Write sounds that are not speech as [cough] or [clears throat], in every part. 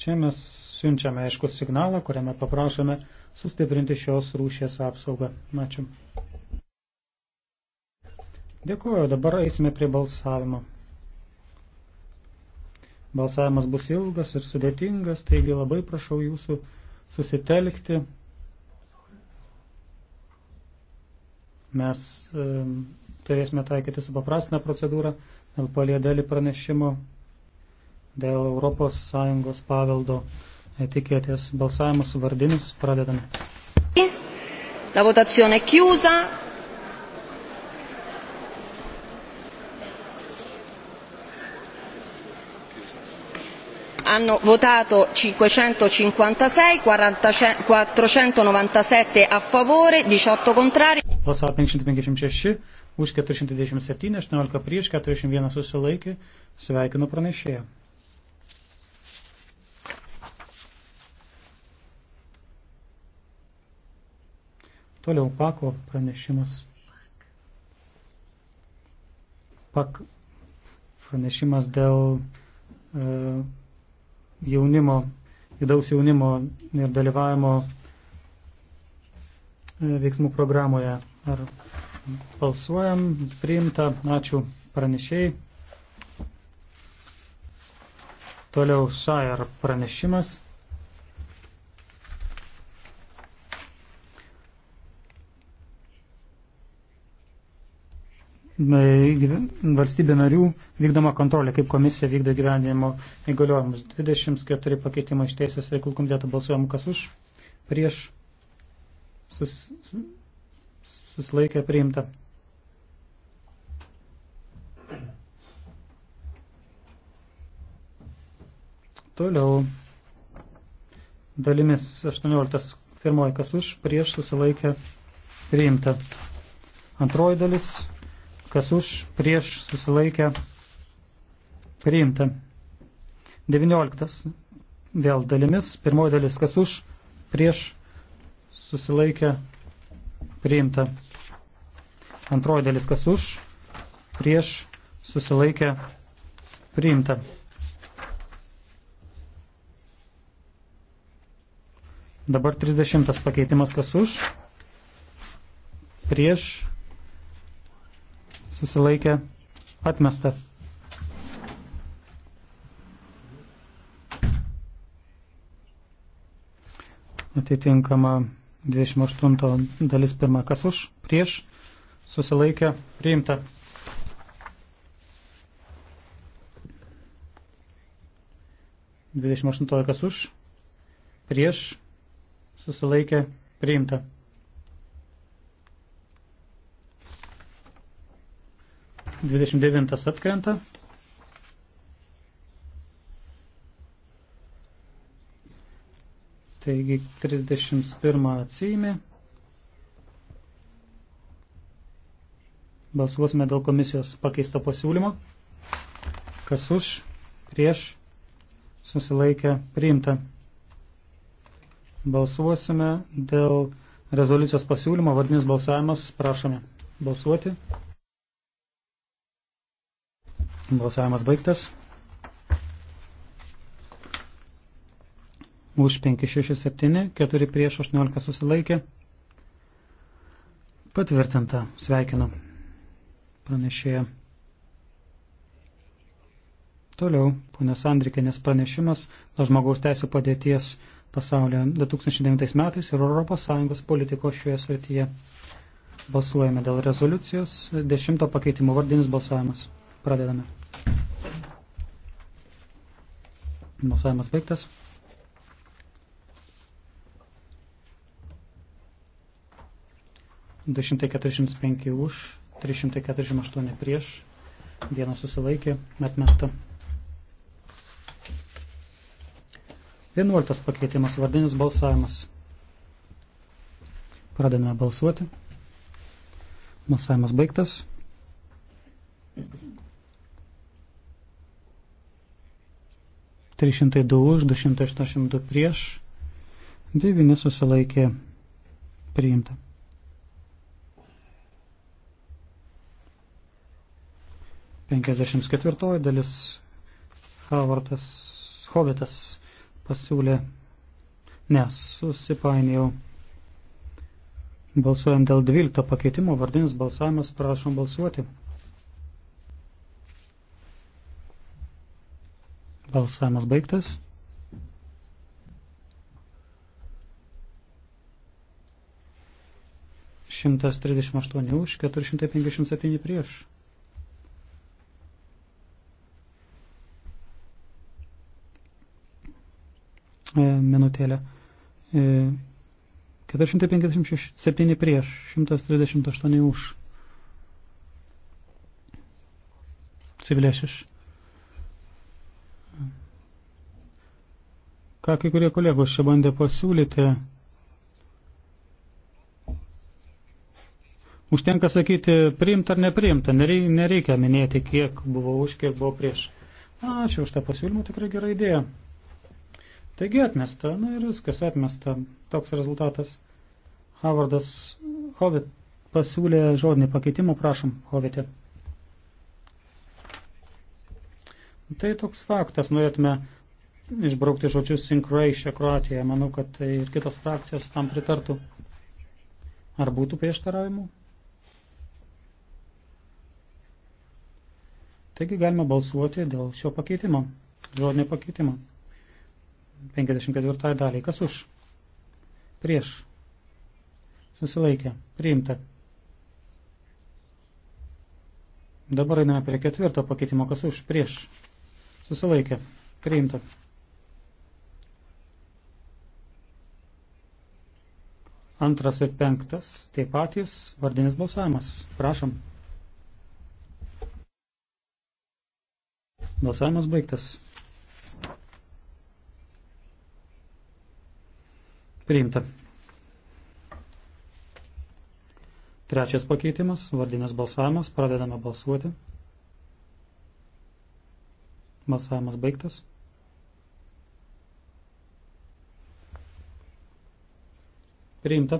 Čia mes siunčiame aišku signalą, kuriame paprašome sustiprinti šios rūšies apsaugą. Ačiū. Dėkuoju, dabar eisime prie balsavimo. Balsavimas bus ilgas ir sudėtingas, taigi labai prašau jūsų susitelkti. Mes e, turėsime taikyti supaprastinę procedūrą dėl paliedelį pranešimo dėl ES paveldo etiketės balsavimas vardinis. Pradedame. La votazione è chiusa. Hanno votato 556, 40, 497 a favore, 18 contrari. Balsavo 556, už 427, 18 prieš, 41 susilaikė. Sveikinu pranešėją. Toliau pako pranešimas. Pak pranešimas dėl e, jaunimo, įdaus jaunimo ir dalyvavimo e, veiksmų programoje. Ar balsuojam, priimta, ačiū pranešėjai. Toliau Šajar pranešimas. valstybė narių vykdoma kontrolė, kaip komisija vykdo gyvenimo įgaliojimus. 24 pakeitimai iš teisės reikalų komiteto balsuojam, kas už, prieš, sus, susilaikę priimta. Toliau dalimis 18. Pirmoji, kas už, prieš susilaikę priimta. Antroji dalis kas už, prieš susilaikę priimta. 19. Vėl dalimis. Pirmoji dalis, kas už, prieš susilaikę priimta. Antroji dalis, kas už, prieš susilaikę priimta. Dabar 30 pakeitimas, kas už, prieš susilaikė, atmesta. Atitinkama 28 dalis pirma, kas už, prieš, susilaikė, priimta. Dvidešimt aštuntoji kas už, prieš, susilaikė, priimta. 29 atkrenta. Taigi 31 atsiimė. Balsuosime dėl komisijos pakeisto pasiūlymo. Kas už, prieš, susilaikę, priimta. Balsuosime dėl rezoliucijos pasiūlymo, vardinis balsavimas, prašome balsuoti. Balsavimas baigtas. Už 567, 4 prieš 18 susilaikė. Patvirtinta. Sveikinu. Pranešėja. Toliau, ponės Andrikinės pranešimas dėl žmogaus teisų padėties pasaulyje 2009 metais ir ES politikos šioje srityje. Balsuojame dėl rezoliucijos. Dešimto pakeitimo vardinis balsavimas. Pradedame. Balsavimas baigtas. Du šimtai keturiasdešimt penki už, trys šimtai keturiasdešimt aštuoni prieš, vienas susilaikė, atmesta. Vienuoltas pakeitimas, vardinis balsavimas. Pradedame balsuoti. Balsavimas baigtas. 302 už, 282 prieš, 9 susilaikė priimta. Penkiasdešimt ketvirtoji dalis Havartas Hobitas pasiūlė, nes susipainėjau. Balsuojam dėl dvylikto pakeitimo, vardinis balsavimas, prašom balsuoti. Balsavimas baigtas. Šimtas trisdešimt aštuoni už, keturi šimtai penkiasdešimt septyni prieš. E, minutėlę. 457 e, prieš, 138 už. Civilešiš. ką kai kurie kolegos čia bandė pasiūlyti. Užtenka sakyti priimta ar nepriimta, nereikia minėti, kiek buvo už, kiek buvo prieš. Ačiū už tą pasiūlymą, tikrai gera idėja. Taigi atmesta, na ir viskas atmesta, toks rezultatas. Havardas Hovit pasiūlė žodinį pakeitimą, prašom, Hovitė. Tai toks faktas, norėtume išbraukti žodžius in Croatia, Kroatija. Manau, kad tai ir kitos frakcijos tam pritartų. Ar būtų prieštaravimų? Taigi galima balsuoti dėl šio pakeitimo, žodinio pakeitimo. 54 daliai. Kas už? Prieš. Susilaikė. Priimta. Dabar einame prie ketvirto pakeitimo. Kas už? Prieš. Susilaikė. Priimta. Antras ir penktas, tai patys vardinis balsavimas. Prašom. Balsavimas baigtas. Priimta. Trečias pakeitimas, vardinės balsavimas, pradedame balsuoti. Balsavimas baigtas. Priimta.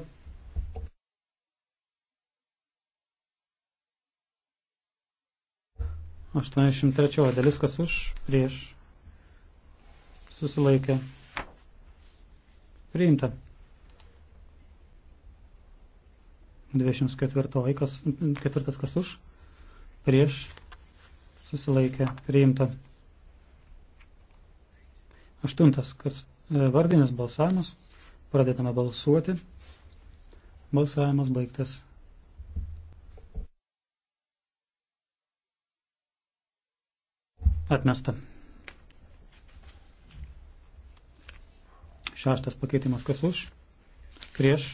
Aštuoniasdešimt trečioji dalis, kas už, prieš, susilaikė. Priimta. 24 kas, ketvirtas kas už, prieš, susilaikė, priimta. Aštuntas kas e, vardinis balsavimas. Pradedame balsuoti. Balsavimas baigtas. Atmesta. Šeštas pakeitimas kas už, prieš,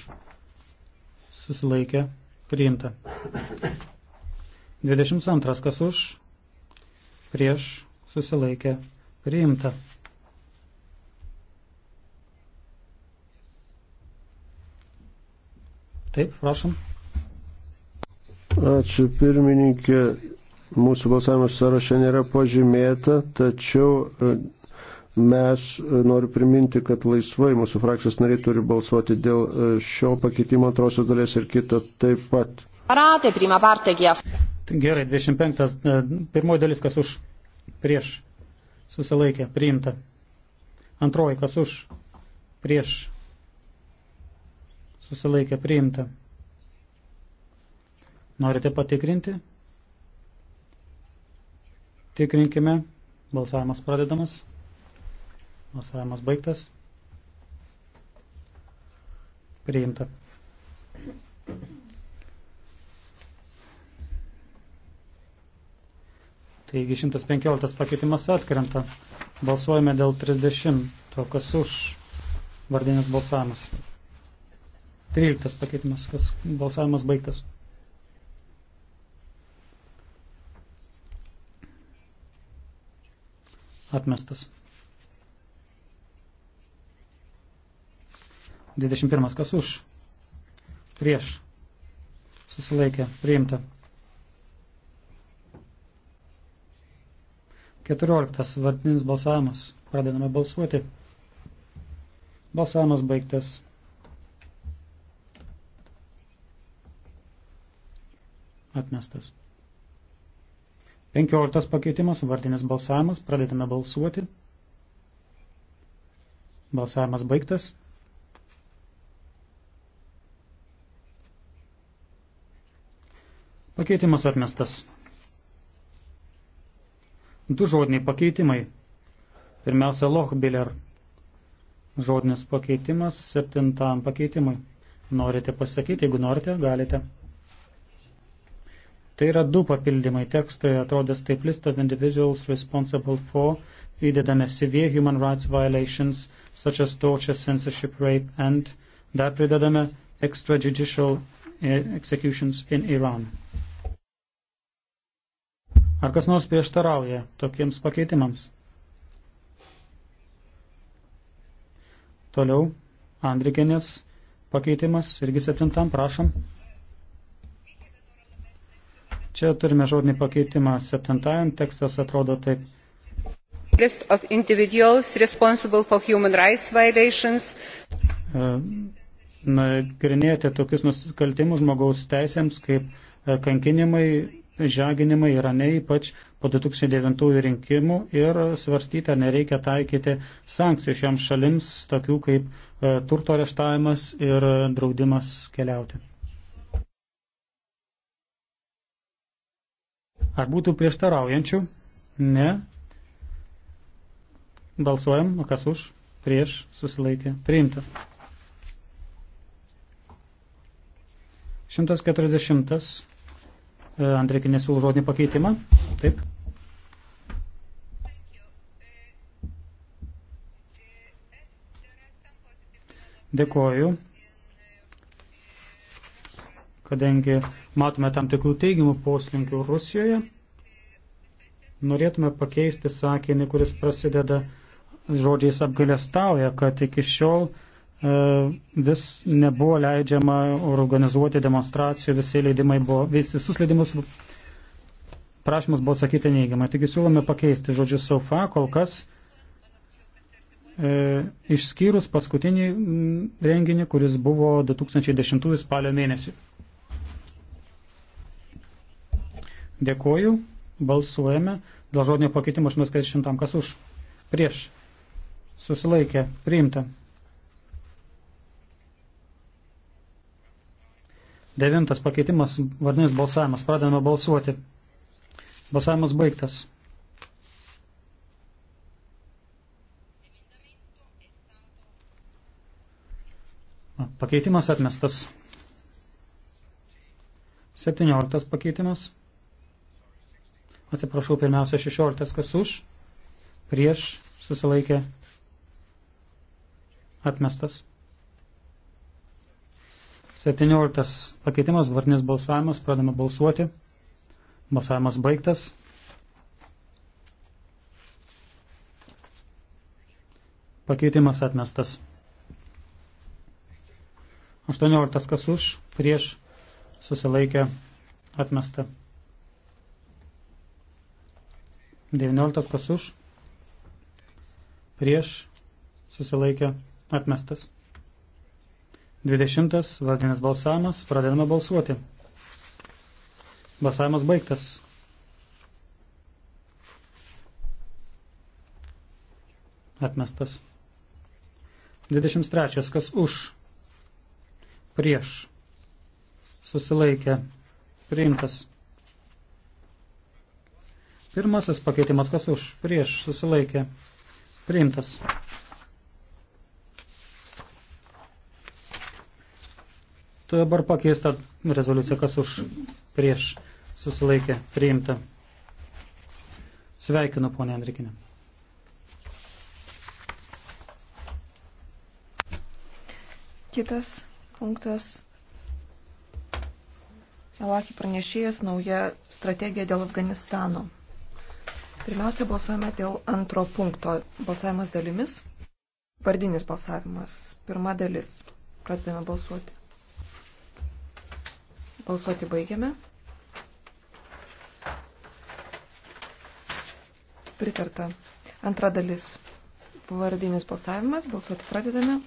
susilaikė, priimta. 22 kas už, prieš, susilaikė, priimta. Taip, prašom. Ačiū pirmininkė. Mūsų balsavimo sąraše nėra pažymėta, tačiau e, mes e, noriu priminti, kad laisvai mūsų frakcijos nariai turi balsuoti dėl e, šio pakeitimo antrosios dalies ir kito taip pat. Parate, prima parte, kiek. Tai gerai, 25. Pirmoji dalis, kas už, prieš, susilaikė, priimta. Antroji, kas už, prieš, Susilaikė priimta. Norite patikrinti? Tikrinkime. Balsavimas pradedamas. Balsavimas baigtas. Priimta. Taigi 115 pakeitimas atkrenta. Balsuojame dėl 30. To kas už vardinis balsavimas. 13 pakeitimas, kas balsavimas baigtas. Atmestas. 21. Kas už? Prieš. Susilaikė. Priimta. 14. Vartinis balsavimas. Pradedame balsuoti. Balsavimas baigtas. Atmestas. 15 pakeitimas, vardinis balsavimas, pradedame balsuoti. Balsavimas baigtas. Pakeitimas atmestas. Du žodiniai pakeitimai. Pirmiausia, Lochbiller. Žodinis pakeitimas septintam pakeitimui. Norite pasakyti, jeigu norite, galite. Tai yra du papildymai tekstoje, atrodės taip list of individuals responsible for, įdedame severe human rights violations, such as torture, censorship, rape and, dar pridedame extrajudicial eh, executions in Iran. Ar kas nors prieštarauja tokiems pakeitimams? Toliau Andrigenės pakeitimas irgi septintam, prašom. Čia turime žodinį pakeitimą. Septintajam tekstas atrodo taip. of individuals responsible for human rights violations. E, nagrinėti tokius nusikaltimus žmogaus teisėms kaip e, kankinimai, žaginimai yra ne ypač po 2009 rinkimų ir svarstyti, ar nereikia taikyti sankcijų šiems šalims, tokių kaip e, turto areštavimas ir draudimas keliauti. Ar būtų prieštaraujančių? Ne. Balsuojam, o kas už, prieš, susilaikė, priimta. 140. Andrikinė siūlo žodinį pakeitimą. Taip. Dėkoju, kadangi Matome tam tikrų teigiamų poslinkių Rusijoje. Norėtume pakeisti sakinį, kuris prasideda žodžiais apgalėstauja, kad iki šiol e, vis nebuvo leidžiama organizuoti demonstracijų, visi leidimai buvo, visus leidimus prašymus buvo atsakyti neigiamai. Taigi siūlome pakeisti žodžius saufa, kol kas e, išskyrus paskutinį renginį, kuris buvo 2010 spalio mėnesį. Dėkuoju. Balsuojame dėl žodinio pakeitimo 140. Kas už? Prieš. Susilaikė. Priimta. Devintas pakeitimas, vardinis balsavimas. Pradedame balsuoti. Balsavimas baigtas. Pakeitimas atmestas. 17 pakeitimas. Atsiprašau, pirmiausia 16, kas už, prieš susilaikė atmestas. 17 pakeitimas, varnės balsavimas, pradame balsuoti. Balsavimas baigtas. Pakeitimas atmestas. 18 kas už, prieš susilaikė atmestą. 19 kas už, prieš susilaikė atmestas. 20 vardinis balsavimas, pradedame balsuoti. Balsavimas baigtas. Atmestas. 23 kas už, prieš susilaikė priimtas. Pirmasis pakeitimas, kas už, prieš, susilaikė, priimtas. Tu dabar pakeista rezoliucija, kas už, prieš, susilaikė, priimta. Sveikinu, ponė Andrikinė. Kitas punktas. Elaki pranešėjas nauja strategija dėl Afganistano. Pirmiausia, balsuojame dėl antro punkto. Balsavimas dalimis. Vardinis balsavimas. Pirma dalis. Pradedame balsuoti. Balsuoti baigiame. Pritarta. Antra dalis. Vardinis balsavimas. Balsuoti pradedame.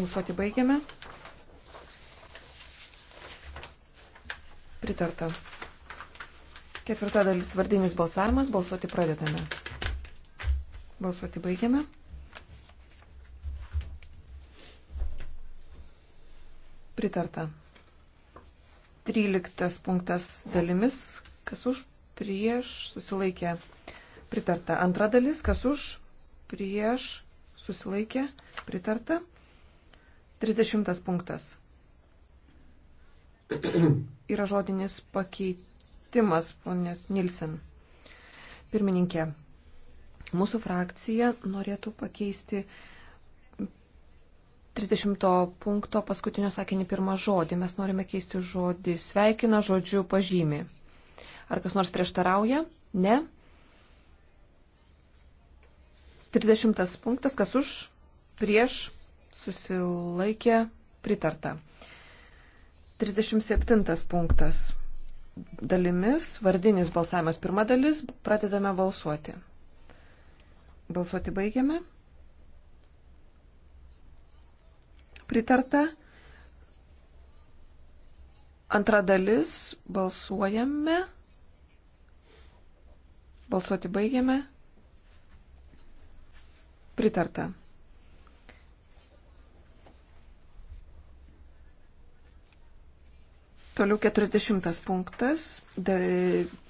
Balsuoti baigiame. Pritarta. Ketvirta dalis vardinis balsavimas. Balsuoti pradedame. Balsuoti baigiame. Pritarta. 13 punktas dalimis. Kas už prieš susilaikė. Pritarta. Antra dalis. Kas už prieš susilaikė. Pritarta. 30 punktas. Yra žodinis pakeitimas pakeitimas, ponės Nilsen. Pirmininkė, mūsų frakcija norėtų pakeisti 30 punkto paskutinio sakinį pirmą žodį. Mes norime keisti žodį sveikina žodžiu pažymį. Ar kas nors prieštarauja? Ne. 30 punktas, kas už, prieš, susilaikė, pritarta. 37 punktas dalimis, vardinis balsavimas pirma dalis, pradedame balsuoti. Balsuoti baigiame. Pritarta. Antra dalis, balsuojame. Balsuoti baigiame. Pritarta. Toliau 40 punktas,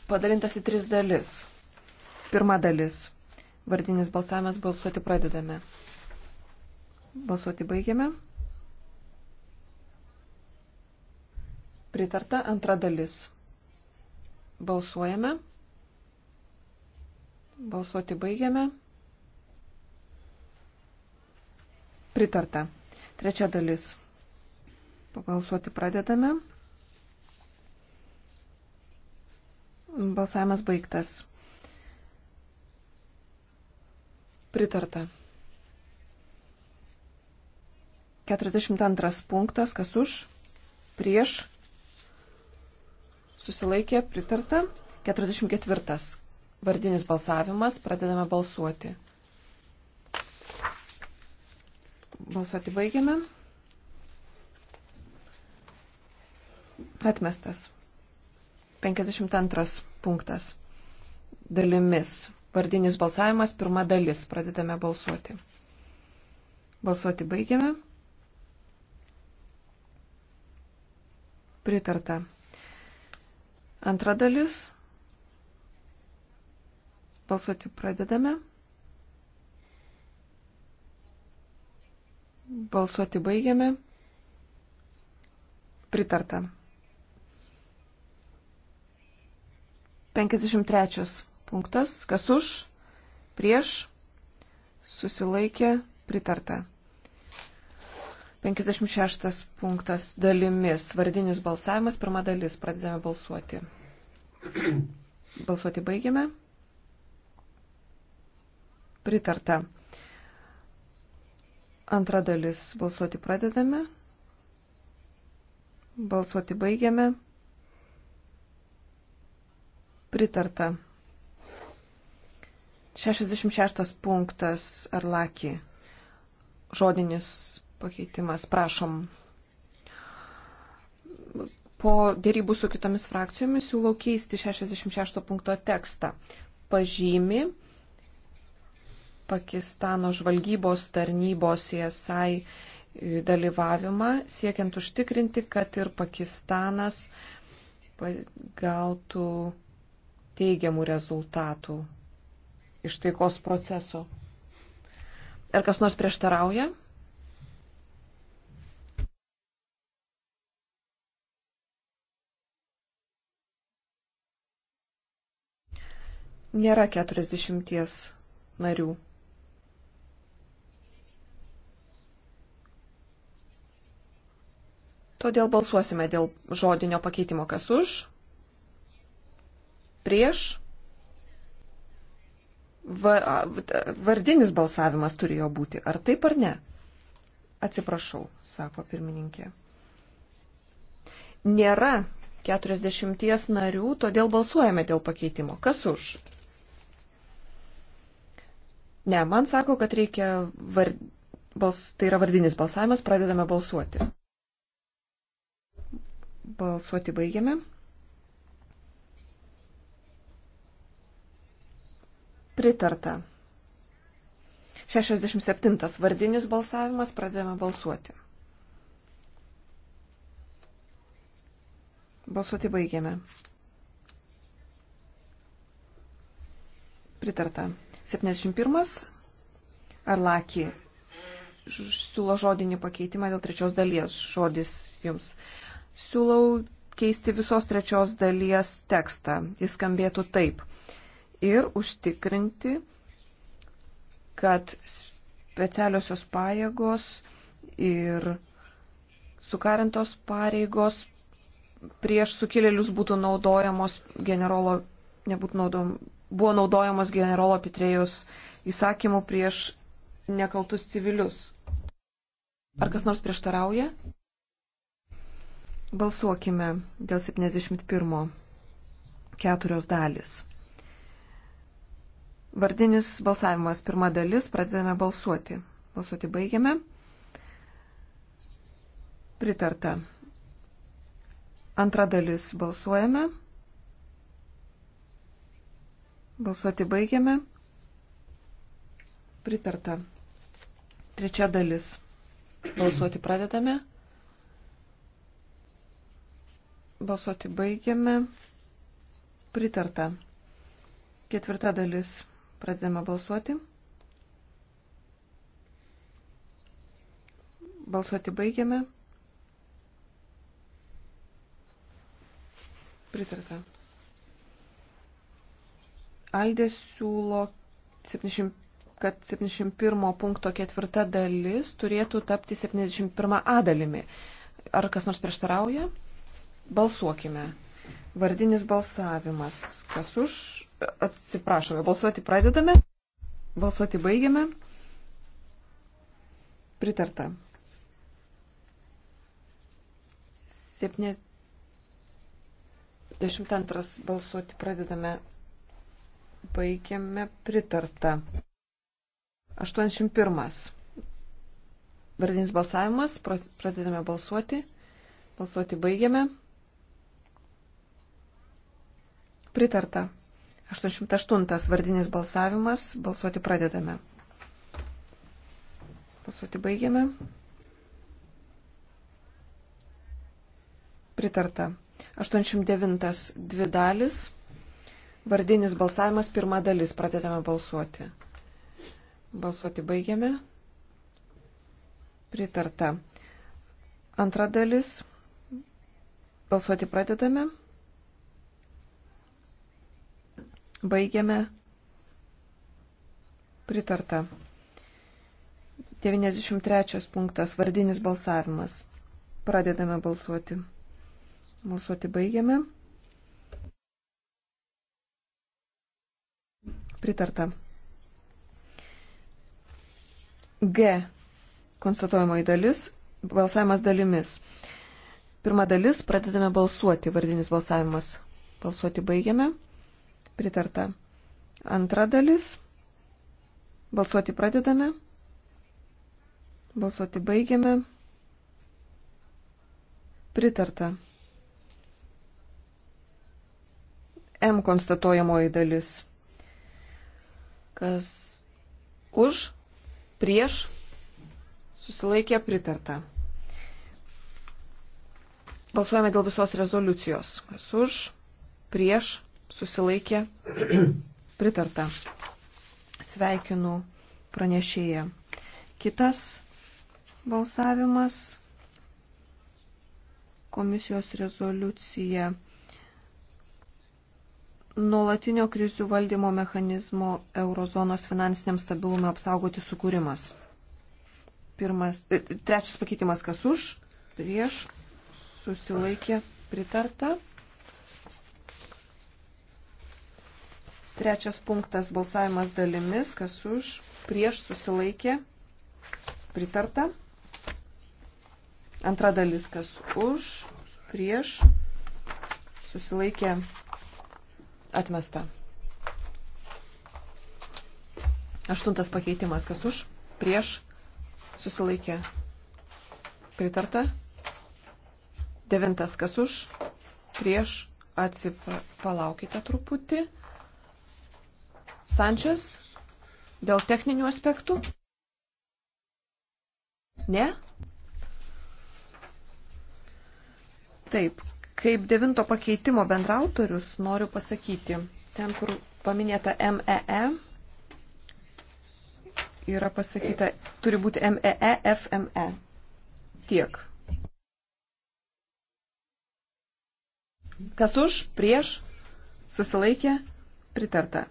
padalintas į tris dalis. Pirma dalis. Vardinis balsavimas balsuoti pradedame. Balsuoti baigiame. Pritarta antra dalis. Balsuojame. Balsuoti baigiame. Pritarta. Trečia dalis. Balsuoti pradedame. Balsavimas baigtas. Pritarta. 42 punktas, kas už, prieš, susilaikė, pritarta. 44. Vardinis balsavimas, pradedame balsuoti. Balsuoti baigiame. Atmestas. 52 punktas. Dalimis. Vardinis balsavimas, pirma dalis. Pradedame balsuoti. Balsuoti baigiame. Pritarta. Antra dalis. Balsuoti pradedame. Balsuoti baigiame. Pritarta. 53 punktas. Kas už, prieš, susilaikė, pritarta. 56 punktas dalimis. Vardinis balsavimas, pirma dalis. Pradedame balsuoti. [clears throat] Balsuoti baigiame. Pritarta. Antra dalis. Balsuoti pradedame. Balsuoti baigiame. Pritarta. 66 punktas Arlaki. Žodinis pakeitimas. Prašom. Po dėrybų su kitomis frakcijomis siūlau keisti 66 punkto tekstą. Pažymi Pakistano žvalgybos tarnybos CSI dalyvavimą, siekiant užtikrinti, kad ir Pakistanas gautų teigiamų rezultatų iš taikos proceso. Ar kas nors prieštarauja? Nėra 40 narių. Todėl balsuosime dėl žodinio pakeitimo, kas už, prieš. Va, vardinis balsavimas turėjo būti. Ar taip ar ne? Atsiprašau, sako pirmininkė. Nėra 40 narių, todėl balsuojame dėl pakeitimo. Kas už? Ne, man sako, kad reikia var... Bals... Tai yra vardinis balsavimas, pradedame balsuoti. Balsuoti baigiame. Pritarta. 67. Vardinis balsavimas. Pradėjome balsuoti. Balsuoti baigėme. Pritarta. 71. Arlaki. Siūlo žodinį pakeitimą dėl trečios dalies. Žodis jums. Siūlau keisti visos trečios dalies tekstą. Jis skambėtų taip ir užtikrinti, kad specialiosios pajėgos ir sukarintos pareigos prieš sukilėlius būtų naudojamos generolo, nebūtų naudom, buvo naudojamos generolo Pitrėjus įsakymų prieš nekaltus civilius. Ar kas nors prieštarauja? Balsuokime dėl 71. Keturios dalis. Vardinis balsavimas. Pirma dalis. Pradedame balsuoti. Balsuoti baigiame. Pritarta. Antra dalis. Balsuojame. Balsuoti baigiame. Pritarta. Trečia dalis. Balsuoti pradedame. Balsuoti baigiame. Pritarta. Ketvirta dalis. Pradedame balsuoti. Balsuoti baigiame. Pritarta. Aldė siūlo, 70, kad 71 punkto ketvirta dalis turėtų tapti 71 A dalimi. Ar kas nors prieštarauja? Balsuokime. Vardinis balsavimas. Kas už? Atsiprašome, balsuoti pradedame. Balsuoti baigiame. Pritarta. 72 balsuoti pradedame. Baigiame. Pritarta. 81. Vardinis balsavimas. Pradedame balsuoti. Balsuoti baigiame. Pritarta. 88 vardinis balsavimas. Balsuoti pradedame. Balsuoti baigiame. Pritarta. 89 dvi dalis. Vardinis balsavimas pirma dalis. Pradedame balsuoti. Balsuoti baigiame. Pritarta. Antra dalis. Balsuoti pradedame. Baigiame. Pritarta. 93 punktas. Vardinis balsavimas. Pradedame balsuoti. Balsuoti baigiame. Pritarta. G. Konstatuojamoji dalis. Balsavimas dalimis. Pirma dalis. Pradedame balsuoti. Vardinis balsavimas. Balsuoti baigiame. Pritarta. Antra dalis. Balsuoti pradedame. Balsuoti baigiame. Pritarta. M konstatuojamoji dalis. Kas už, prieš, susilaikė pritarta. Balsuojame dėl visos rezoliucijos. Kas už, prieš, susilaikė, [clears throat] pritarta. Sveikinu pranešėją. Kitas balsavimas komisijos rezoliucija nuolatinio krizių valdymo mechanizmo eurozonos finansiniam stabilumui apsaugoti sukūrimas. Pirmas, e, trečias pakeitimas, kas už, prieš, susilaikė, pritarta. Trečias punktas balsavimas dalimis, kas už, prieš susilaikė, pritarta. Antra dalis, kas už, prieš susilaikė, atmesta. Aštuntas pakeitimas, kas už, prieš susilaikė, pritarta. Devintas, kas už, prieš atsipalaukite truputį. Sančias dėl techninių aspektų? Ne? Taip, kaip devinto pakeitimo bendrautorius noriu pasakyti, ten, kur paminėta MEE, e, yra pasakyta, turi būti MEE, FME. Tiek. Kas už, prieš, susilaikė, pritarta.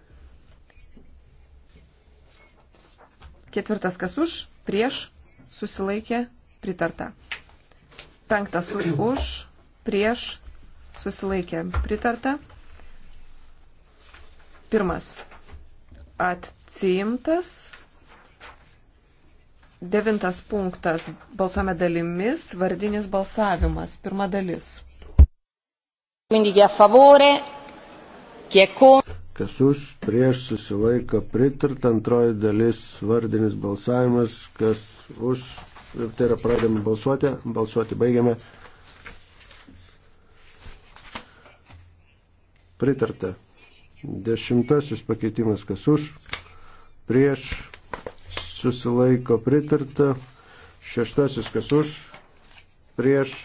Ketvirtas kas už, prieš, susilaikė, pritarta. Penktas už, prieš, susilaikė, pritarta. Pirmas atsiimtas. Devintas punktas balsuome dalimis, vardinis balsavimas, pirma dalis. Quindi chi è a favore, chi è contro kas už, prieš susilaiko pritarta, antroji dalis vardinis balsavimas, kas už, tai yra pradėme balsuoti, balsuoti baigiame. Pritarta. Dešimtasis pakeitimas, kas už, prieš susilaiko pritarta, šeštasis, kas už, prieš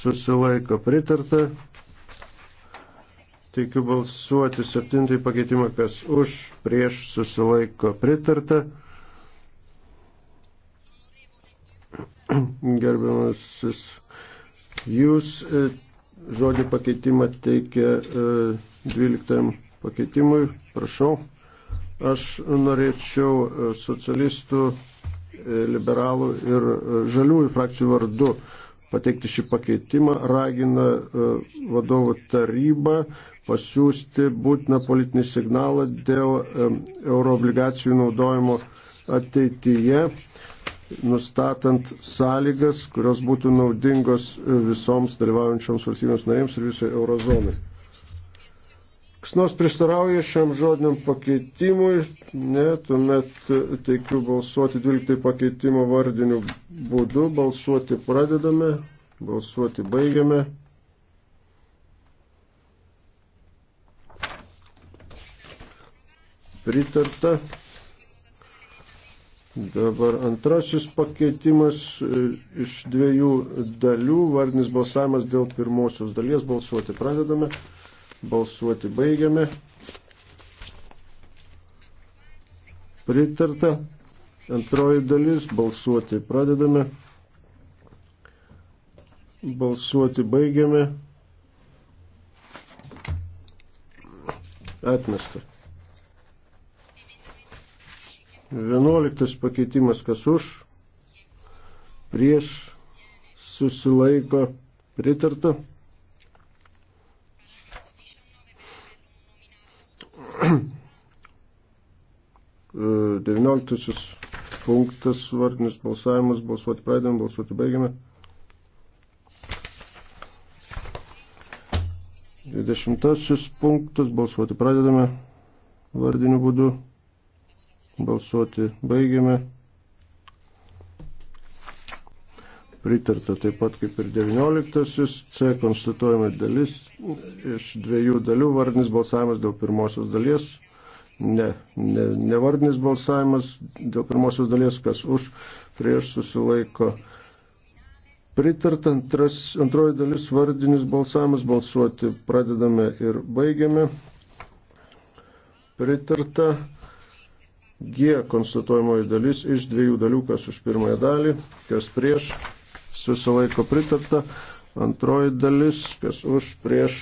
susilaiko pritarta. Teikiu balsuoti septintąjį pakeitimą, kas už, prieš, susilaiko pritarta. [clears throat] Gerbiamasis, jūs e, žodį pakeitimą teikia 12 e, pakeitimui, prašau. Aš norėčiau e, socialistų, liberalų ir žaliųjų frakcijų vardu pateikti šį pakeitimą, ragina e, vadovų tarybą pasiūsti būtiną politinį signalą dėl e, euroobligacijų naudojimo ateityje, nustatant sąlygas, kurios būtų naudingos visoms dalyvaujančioms valstybėms narėms ir visai eurozonai. Kas nors prieštarauja šiam žodiniam pakeitimui, ne, tuomet e, teikiu balsuoti 12 pakeitimo vardiniu būdu. Balsuoti pradedame, balsuoti baigiame. Pritarta. Dabar antrasis pakeitimas e, iš dviejų dalių, vardinis balsavimas dėl pirmosios dalies. Balsuoti pradedame. Balsuoti baigiame. Pritarta. Antroji dalis. Balsuoti pradedame. Balsuoti baigiame. Atmesta. Vienuoliktas pakeitimas, kas už, prieš, susilaiko, pritarta. 19 punktas, vardinis balsavimas, balsuoti pradėm, balsuoti baigiame. 20 punktas, balsuoti pradedame vardiniu būdu, balsuoti baigiame. Pritarta taip pat kaip ir 19 C konstatuojama dalis iš dviejų dalių vardinis balsavimas dėl pirmosios dalies. Ne, ne, nevardinis balsavimas dėl pirmosios dalies, kas už, prieš susilaiko. Pritarta antras, antroji dalis vardinis balsavimas, balsuoti pradedame ir baigiame. Pritarta G konstatuojamoji dalis iš dviejų dalių, kas už pirmąją dalį, kas prieš susilaiko pritarta. Antroji dalis, kas už prieš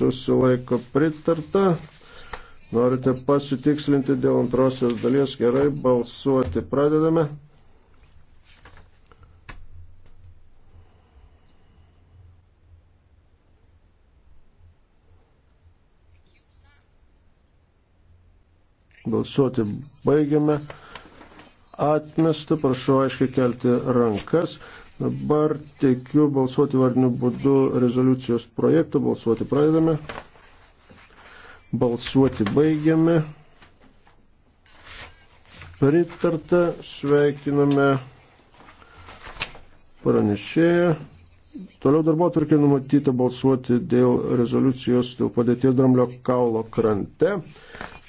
susilaiko pritarta. Norite pasitikslinti dėl antrosios dalies. Gerai, balsuoti pradedame. Balsuoti baigiame. Atmesta, prašau aiškiai kelti rankas. Dabar teikiu balsuoti vardiniu būdu rezoliucijos projektą. Balsuoti pradedame. Balsuoti baigiame. Pritarta, sveikiname pranešėją. Toliau darbo turkė numatyta balsuoti dėl rezoliucijos dėl padėties dramblio kaulo krante.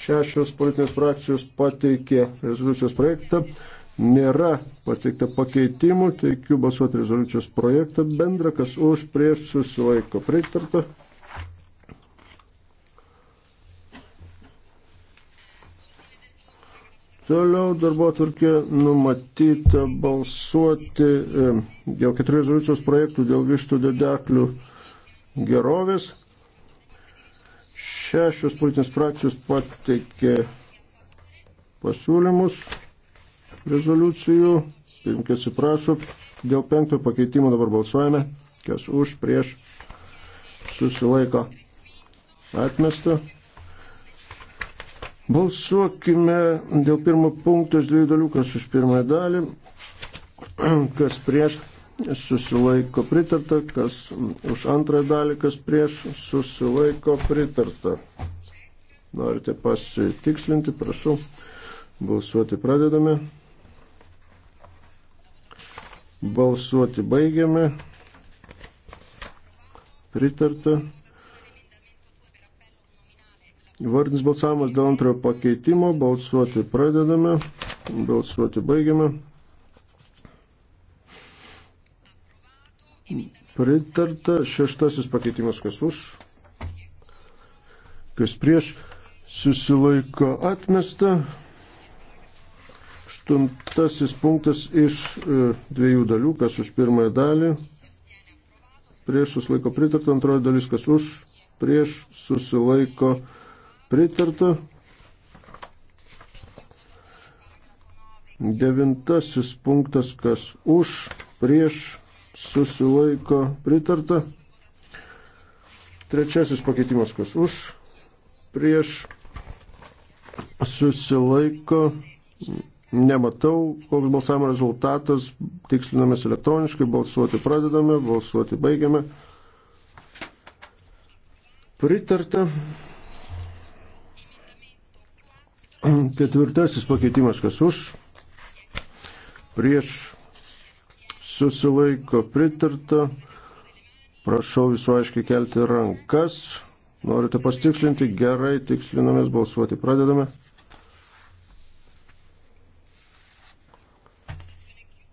Šešios politinės frakcijos pateikė rezoliucijos projektą. Nėra pateikta pakeitimų, teikiu balsuoti rezoliucijos projektą bendrą, kas už prieš susilaiko pritarta. Toliau darbo atvarkė numatyta balsuoti e, dėl keturių rezoliucijos projektų dėl vištų dedeklių gerovės. Šešios politinės frakcijos pateikė pasiūlymus rezoliucijų. Pirmkė atsiprašau, dėl penktojo pakeitimo dabar balsuojame. Kas už, prieš, susilaiko atmesta. Balsuokime dėl pirmo punkto iš dviejų dalių, kas už pirmąją dalį, [clears throat] kas prieš susilaiko pritarta, kas už antrąją dalį, kas prieš susilaiko pritarta. Norite pasitikslinti, prašau. Balsuoti pradedame. Balsuoti baigiame. Pritarta. Vardinis balsavimas dėl antrojo pakeitimo. Balsuoti pradedame. Balsuoti baigiame. Pritarta šeštasis pakeitimas, kas už, kas prieš, susilaiko atmesta. Aštuntasis punktas iš e, dviejų dalių, kas už pirmąją dalį, prieš susilaiko pritarta, antroji dalis, kas už, prieš susilaiko atmesta pritarta. Devintasis punktas, kas už, prieš, susilaiko, pritarta. Trečiasis pakeitimas, kas už, prieš, susilaiko, nematau, koks balsavimo rezultatas, tikslinamės elektroniškai, balsuoti pradedame, balsuoti baigiame. Pritarta. Ketvirtasis pakeitimas, kas už, prieš, susilaiko pritarta. Prašau visų aiškiai kelti rankas. Norite pastikslinti? Gerai, tikslinamės balsuoti. Pradedame.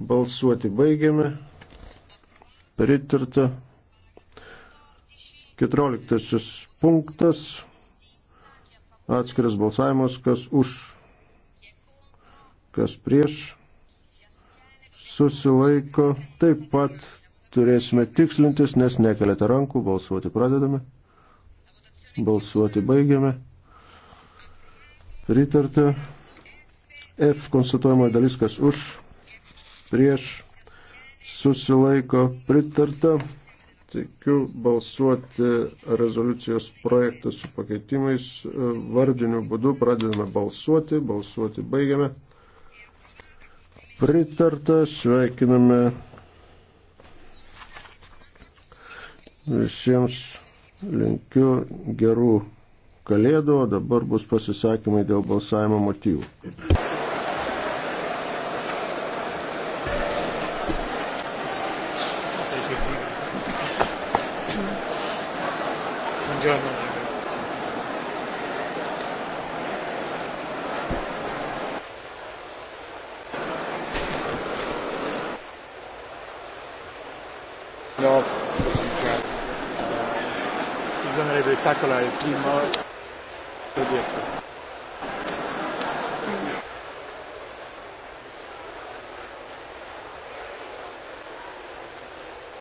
Balsuoti baigiame. Pritarta. Keturioliktasis punktas. Atskiras balsavimas, kas už, kas prieš susilaiko. Taip pat turėsime tikslintis, nes nekeliate rankų. Balsuoti pradedame. Balsuoti baigiame. Pritarta. F konstatuojamoji dalis, kas už, prieš susilaiko. Pritarta. Tikiu balsuoti rezoliucijos projektą su pakeitimais e, vardiniu būdu. Pradedame balsuoti, balsuoti baigiame. Pritarta, sveikiname visiems linkiu gerų kalėdų, o dabar bus pasisakymai dėl balsavimo motyvų. Nikolai Klima. Projekt.